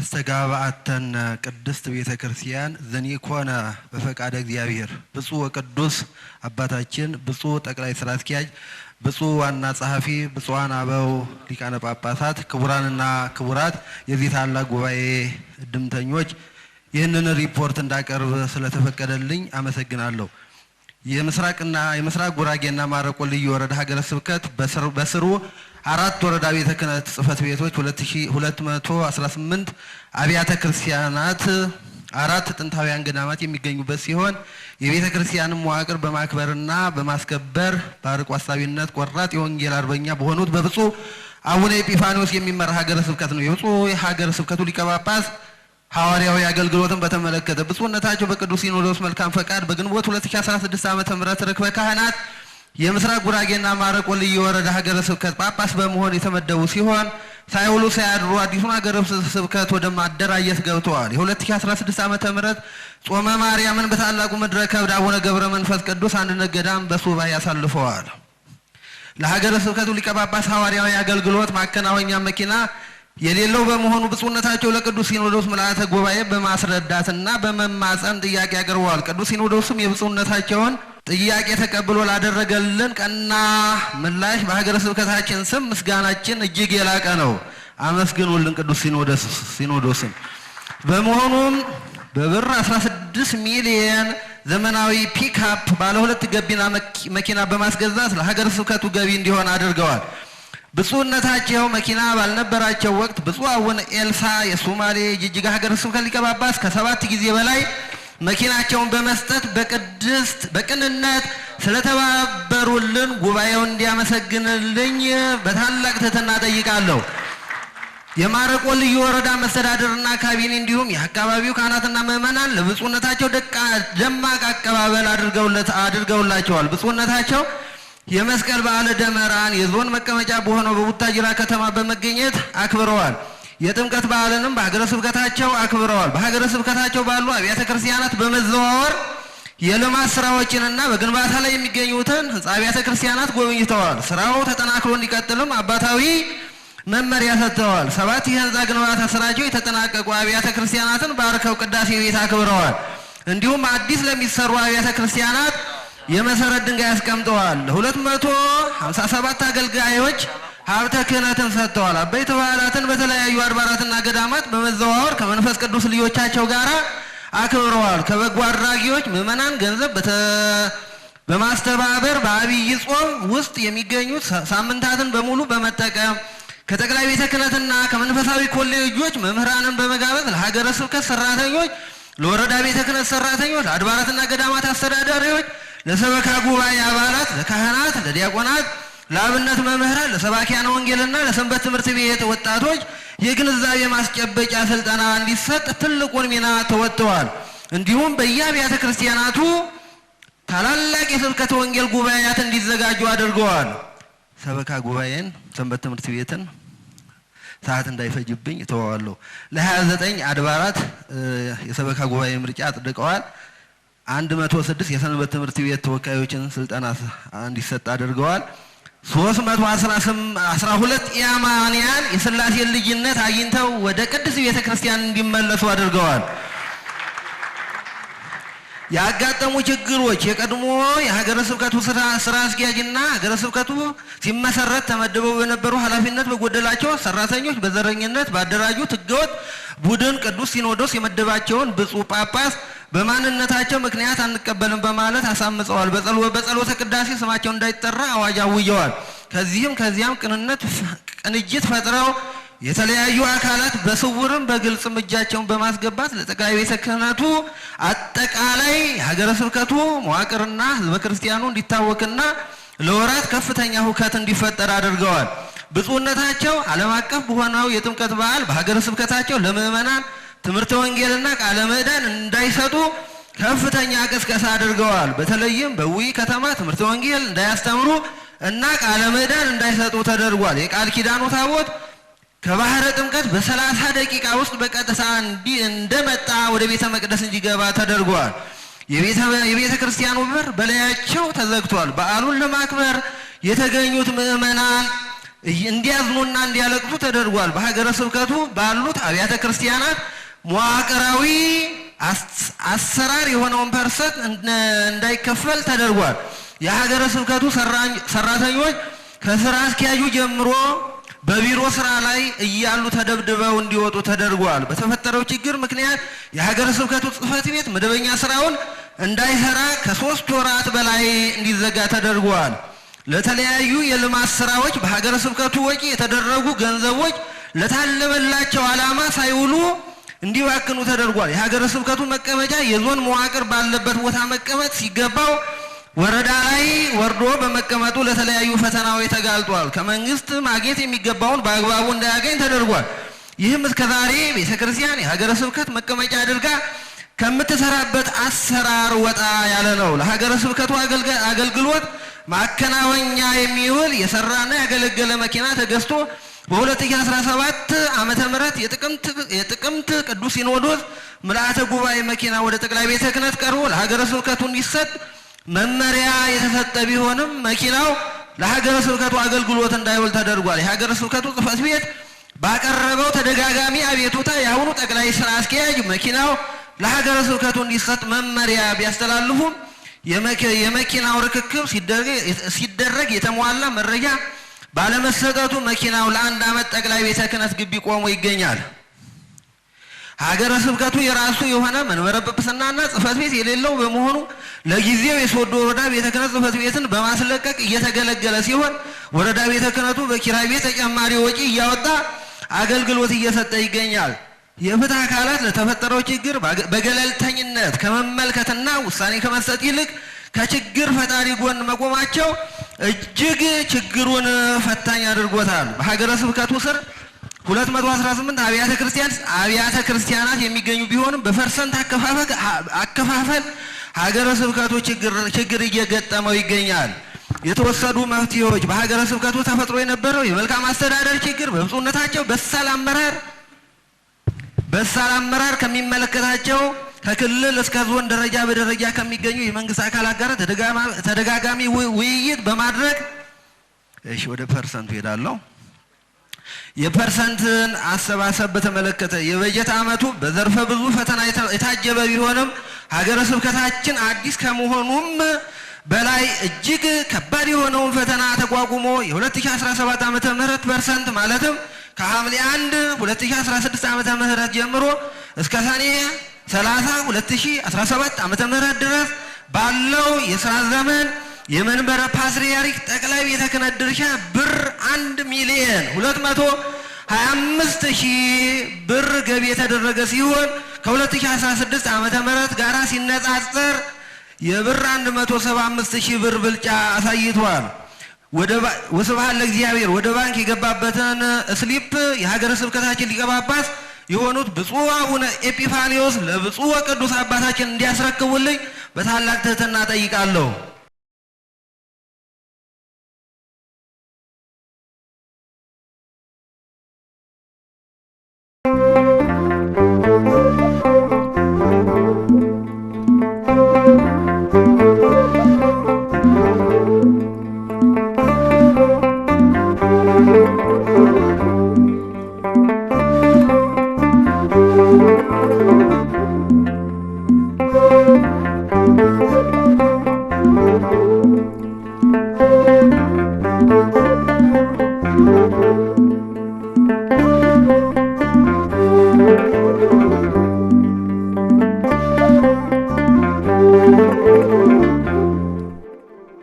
አስተጋባአተነ ቅድስት ቤተ ክርስቲያን ዘኒኮነ በፈቃደ እግዚአብሔር ብፁዕ ወቅዱስ አባታችን ብፁዕ ጠቅላይ ስራ አስኪያጅ፣ ብፁዕ ዋና ጸሐፊ፣ ብፁዓን አበው ሊቃነ ጳጳሳት፣ ክቡራንና ክቡራት የዚህ ታላቅ ጉባኤ እድምተኞች፣ ይህንን ሪፖርት እንዳቀርብ ስለተፈቀደልኝ አመሰግናለሁ። የምስራቅና የምስራቅ ጉራጌና ማረቆ ልዩ ወረዳ ሀገረ ስብከት በስሩ አራት ወረዳ ቤተ ክህነት ጽሕፈት ቤቶች 2218 አብያተ ክርስቲያናት አራት ጥንታውያን ገዳማት የሚገኙበት ሲሆን የቤተ ክርስቲያንን መዋቅር በማክበርና በማስከበር በአርቆ አሳቢነት ቆራጥ የወንጌል አርበኛ በሆኑት በብፁዕ አቡነ ኤጲፋኒዎስ የሚመራ ሀገረ ስብከት ነው። የብፁዕ ሀገረ ስብከቱ ሊቀ ጳጳስ ሐዋርያዊ አገልግሎትን በተመለከተ ብፁዕነታቸው በቅዱስ ሲኖዶስ መልካም ፈቃድ በግንቦት 2016 ዓመተ ምህረት ርክበ ካህናት የምስራቅ ጉራጌና ማረቆ ልዩ ወረዳ ሀገረ ስብከት ጳጳስ በመሆን የተመደቡ ሲሆን ሳይውሉ ሳያድሩ አዲሱን ሀገረ ስብከት ወደ ማደራጀት ገብተዋል። የ2016 ዓመተ ጾመ ማርያምን በታላቁ ምድረ ከብድ አቡነ ገብረ መንፈስ ቅዱስ አንድነት ገዳም በሱባኤ ያሳልፈዋል። ለሀገረ ስብከቱ ሊቀ ጳጳስ ሐዋርያዊ አገልግሎት ማከናወኛ መኪና የሌለው በመሆኑ ብፁዕነታቸው ለቅዱስ ሲኖዶስ ምልዓተ ጉባኤ በማስረዳትና በመማፀን ጥያቄ አቅርበዋል። ቅዱስ ሲኖዶስም የብፁዕነታቸውን ጥያቄ ተቀብሎ ላደረገልን ቀና ምላሽ በሀገረ ስብከታችን ስም ምስጋናችን እጅግ የላቀ ነው። አመስግኑልን ቅዱስ ሲኖዶስን። በመሆኑም በብር 16 ሚሊየን ዘመናዊ ፒክአፕ ባለ ሁለት ገቢና መኪና በማስገዛት ለሀገረ ስብከቱ ገቢ እንዲሆን አድርገዋል። ብፁዕነታቸው መኪና ባልነበራቸው ወቅት ብፁዕ አቡነ ኤልሳ የሶማሌ ጅጅጋ ሀገረ ስብከት ሊቀ ጳጳስ ከሰባት ጊዜ በላይ መኪናቸውን በመስጠት በቅድስት በቅንነት ስለተባበሩልን ጉባኤው እንዲያመሰግንልኝ በታላቅ ትህትና ጠይቃለሁ። የማረቆ ልዩ ወረዳ መስተዳደርና ካቢኔ እንዲሁም የአካባቢው ካህናትና ምዕመናን ለብፁዕነታቸው ደማቅ አቀባበል አድርገውላቸዋል። ብፁዕነታቸው የመስቀል በዓለ ደመራን የዞን መቀመጫ በሆነው በቡታጅራ ከተማ በመገኘት አክብረዋል። የጥምቀት በዓልንም በሀገረ ስብከታቸው አክብረዋል። በሀገረ ስብከታቸው ባሉ አብያተ ክርስቲያናት በመዘዋወር የልማት ስራዎችንና በግንባታ ላይ የሚገኙትን ህንፃ አብያተ ክርስቲያናት ጎብኝተዋል። ስራው ተጠናክሮ እንዲቀጥልም አባታዊ መመሪያ ሰጥተዋል። ሰባት የህንፃ ግንባታ ስራቸው የተጠናቀቁ አብያተ ክርስቲያናትን ባርከው ቅዳሴ ቤት አክብረዋል። እንዲሁም አዲስ ለሚሰሩ አብያተ ክርስቲያናት የመሰረት ድንጋይ አስቀምጠዋል። ሁለት መቶ ሀምሳ ሰባት አገልጋዮች ሀብተ ክህነትን ሰጥተዋል። አበይት በዓላትን በተለያዩ አድባራትና ገዳማት በመዘዋወር ከመንፈስ ቅዱስ ልጆቻቸው ጋር አክብረዋል። ከበጎ አድራጊዎች ምዕመናን ገንዘብ በማስተባበር በአብይ ጾም ውስጥ የሚገኙት ሳምንታትን በሙሉ በመጠቀም ከጠቅላይ ቤተ ክህነትና ከመንፈሳዊ ኮሌጆች መምህራንን በመጋበዝ ለሀገረ ስብከት ሰራተኞች፣ ለወረዳ ቤተ ክህነት ሰራተኞች፣ ለአድባራትና ገዳማት አስተዳዳሪዎች ለሰበካ ጉባኤ አባላት፣ ለካህናት፣ ለዲያቆናት፣ ለአብነት መምህራን፣ ለሰባኪያን ወንጌልና ለሰንበት ትምህርት ቤት ወጣቶች የግንዛቤ ማስጨበጫ ስልጠና እንዲሰጥ ትልቁን ሚና ተወጥተዋል። እንዲሁም በየአብያተ ክርስቲያናቱ ታላላቅ የስብከተ ወንጌል ጉባኤያት እንዲዘጋጁ አድርገዋል። ሰበካ ጉባኤን፣ ሰንበት ትምህርት ቤትን ሰዓት እንዳይፈጅብኝ እተዋዋለሁ። ለ29 አድባራት የሰበካ ጉባኤ ምርጫ አጽድቀዋል። አንድ መቶ ስድስት የሰንበት ትምህርት ቤት ተወካዮችን ስልጠና እንዲሰጥ አድርገዋል። ሶስት መቶ አስራ ሁለት ኢአማንያን ልጅነት አግኝተው ወደ ቅድስት ቤተ ክርስቲያን እንዲመለሱ አድርገዋል። ያጋጠሙ ችግሮች የቀድሞ የሀገረ ስብከቱ ስራ አስኪያጅና ሀገረ ስብከቱ ሲመሰረት ተመድበው በነበሩ ኃላፊነት በጎደላቸው ሰራተኞች በዘረኝነት ባደራጁት ህገወጥ ቡድን ቅዱስ ሲኖዶስ የመደባቸውን ብፁዕ ጳጳስ በማንነታቸው ምክንያት አንቀበልም በማለት አሳምፀዋል። በጸሎተ ቅዳሴ ስማቸው እንዳይጠራ አዋጅ አውጀዋል። ከዚህም ከዚያም ቅንነት ቅንጅት ፈጥረው የተለያዩ አካላት በስውርም በግልጽም እጃቸውን በማስገባት ለጠቅላይ ቤተ ክህነቱ አጠቃላይ ሀገረ ስብከቱ መዋቅርና ህዝበ ክርስቲያኑ እንዲታወቅና ለወራት ከፍተኛ ሁከት እንዲፈጠር አድርገዋል። ብፁዕነታቸው ዓለም አቀፍ በሆነው የጥምቀት በዓል በሀገረ ስብከታቸው ለምዕመናን ትምህርተ ወንጌልና ቃለ ምዕዳን እንዳይሰጡ ከፍተኛ ቅስቀሳ አድርገዋል። በተለይም በውይ ከተማ ትምህርተ ወንጌል እንዳያስተምሩ እና ቃለ ምዕዳን እንዳይሰጡ ተደርጓል። የቃል ኪዳኑ ታቦት ከባህረ ጥምቀት በሰላሳ ደቂቃ ውስጥ በቀጥታ እንዲህ እንደመጣ ወደ ቤተ መቅደስ እንዲገባ ተደርጓል። የቤተ ክርስቲያኑ በር በላያቸው ተዘግቷል። በዓሉን ለማክበር የተገኙት ምዕመናን እንዲያዝኑና እንዲያለቅሱ ተደርጓል። በሀገረ ስብከቱ ባሉት አብያተ ክርስቲያናት መዋቅራዊ አሰራር የሆነውን ፐርሰንት እንዳይከፈል ተደርጓል። የሀገረ ስብከቱ ሰራተኞች ከስራ አስኪያጁ ጀምሮ በቢሮ ስራ ላይ እያሉ ተደብድበው እንዲወጡ ተደርጓል። በተፈጠረው ችግር ምክንያት የሀገረ ስብከቱ ጽሕፈት ቤት መደበኛ ስራውን እንዳይሰራ ከሶስት ወራት በላይ እንዲዘጋ ተደርጓል። ለተለያዩ የልማት ስራዎች በሀገረ ስብከቱ ወጪ የተደረጉ ገንዘቦች ለታለመላቸው ዓላማ ሳይውሉ እንዲባክኑ ተደርጓል። የሀገረ ስብከቱ መቀመጫ የዞን መዋቅር ባለበት ቦታ መቀመጥ ሲገባው ወረዳ ላይ ወርዶ በመቀመጡ ለተለያዩ ፈተናዎች ተጋልጧል። ከመንግስት ማግኘት የሚገባውን በአግባቡ እንዳያገኝ ተደርጓል። ይህም እስከዛሬ ቤተክርስቲያን የሀገረ ስብከት መቀመጫ አድርጋ ከምትሰራበት አሰራር ወጣ ያለ ነው። ለሀገረ ስብከቱ አገልግሎት ማከናወኛ የሚውል የሰራና ያገለገለ መኪና ተገዝቶ በ2017 ዓመተ ምህረት የጥቅምት ቅዱስ ሲኖዶስ ምልአተ ጉባኤ መኪና ወደ ጠቅላይ ቤተ ክህነት ቀርቦ ለሀገረ ስብከቱ እንዲሰጥ መመሪያ የተሰጠ ቢሆንም መኪናው ለሀገረ ስብከቱ አገልግሎት እንዳይውል ተደርጓል። የሀገረ ስብከቱ ጽሕፈት ቤት ባቀረበው ተደጋጋሚ አቤቱታ የአሁኑ ጠቅላይ ስራ አስኪያጅ መኪናው ለሀገረ ስብከቱ እንዲሰጥ መመሪያ ቢያስተላልፉም የመኪናው ርክክብ ሲደረግ የተሟላ መረጃ ባለመሰጠቱ መኪናው ለአንድ ዓመት ጠቅላይ ቤተ ክህነት ግቢ ቆሞ ይገኛል። ሀገረ ስብከቱ የራሱ የሆነ መንበረ ጵጵስናና ጽሕፈት ቤት የሌለው በመሆኑ ለጊዜው የሶዶ ወረዳ ቤተ ክህነት ጽሕፈት ቤትን በማስለቀቅ እየተገለገለ ሲሆን ወረዳ ቤተ ክህነቱ በኪራይ ቤት ተጨማሪ ወጪ እያወጣ አገልግሎት እየሰጠ ይገኛል። የፍትህ አካላት ለተፈጠረው ችግር በገለልተኝነት ከመመልከትና ውሳኔ ከመስጠት ይልቅ ከችግር ፈጣሪ ጎን መቆማቸው እጅግ ችግሩን ፈታኝ አድርጎታል። በሀገረ ስብከቱ ስር 218 አብያተ ክርስቲያን አብያተ ክርስቲያናት የሚገኙ ቢሆንም በፐርሰንት አከፋፈል ሀገረ ስብከቱ ችግር እየገጠመው ይገኛል። የተወሰዱ መፍትሄዎች በሀገረ ስብከቱ ተፈጥሮ የነበረው የመልካም አስተዳደር ችግር በብፁዕነታቸው በሳል አመራር በሳል አመራር ከሚመለከታቸው ከክልል እስከ ዞን ደረጃ በደረጃ ከሚገኙ የመንግስት አካላት ጋር ተደጋጋሚ ውይይት በማድረግ እሺ፣ ወደ ፐርሰንቱ ሄዳለሁ። የፐርሰንትን አሰባሰብ በተመለከተ የበጀት ዓመቱ በዘርፈ ብዙ ፈተና የታጀበ ቢሆንም ሀገረ ስብከታችን አዲስ ከመሆኑም በላይ እጅግ ከባድ የሆነውን ፈተና ተቋቁሞ የ2017 ዓ ምህረት ፐርሰንት ማለትም ከሐምሌ 1 2016 ዓ ምህረት ጀምሮ እስከ ሰኔ 30 2017 ዓ ምህረት ድረስ ባለው የስራ ዘመን የመንበረ ፓትርያርክ ጠቅላይ ቤተ ክህነት ድርሻ ብር አንድ ሚሊየን ሁለት መቶ ሀያ አምስት ሺህ ብር ገቢ የተደረገ ሲሆን ከ2016 ዓመተ ምህረት ጋራ ሲነጻጸር የብር 175 ሺህ ብር ብልጫ አሳይቷል። ወስብሐት ለእግዚአብሔር። ወደ ባንክ የገባበትን ስሊፕ የሀገረ ስብከታችን ሊቀ ጳጳስ የሆኑት ብፁዕ አቡነ ኤጲፋኒዎስ ለብፁዕ ወቅዱስ አባታችን እንዲያስረክቡልኝ በታላቅ ትህትና ጠይቃለሁ።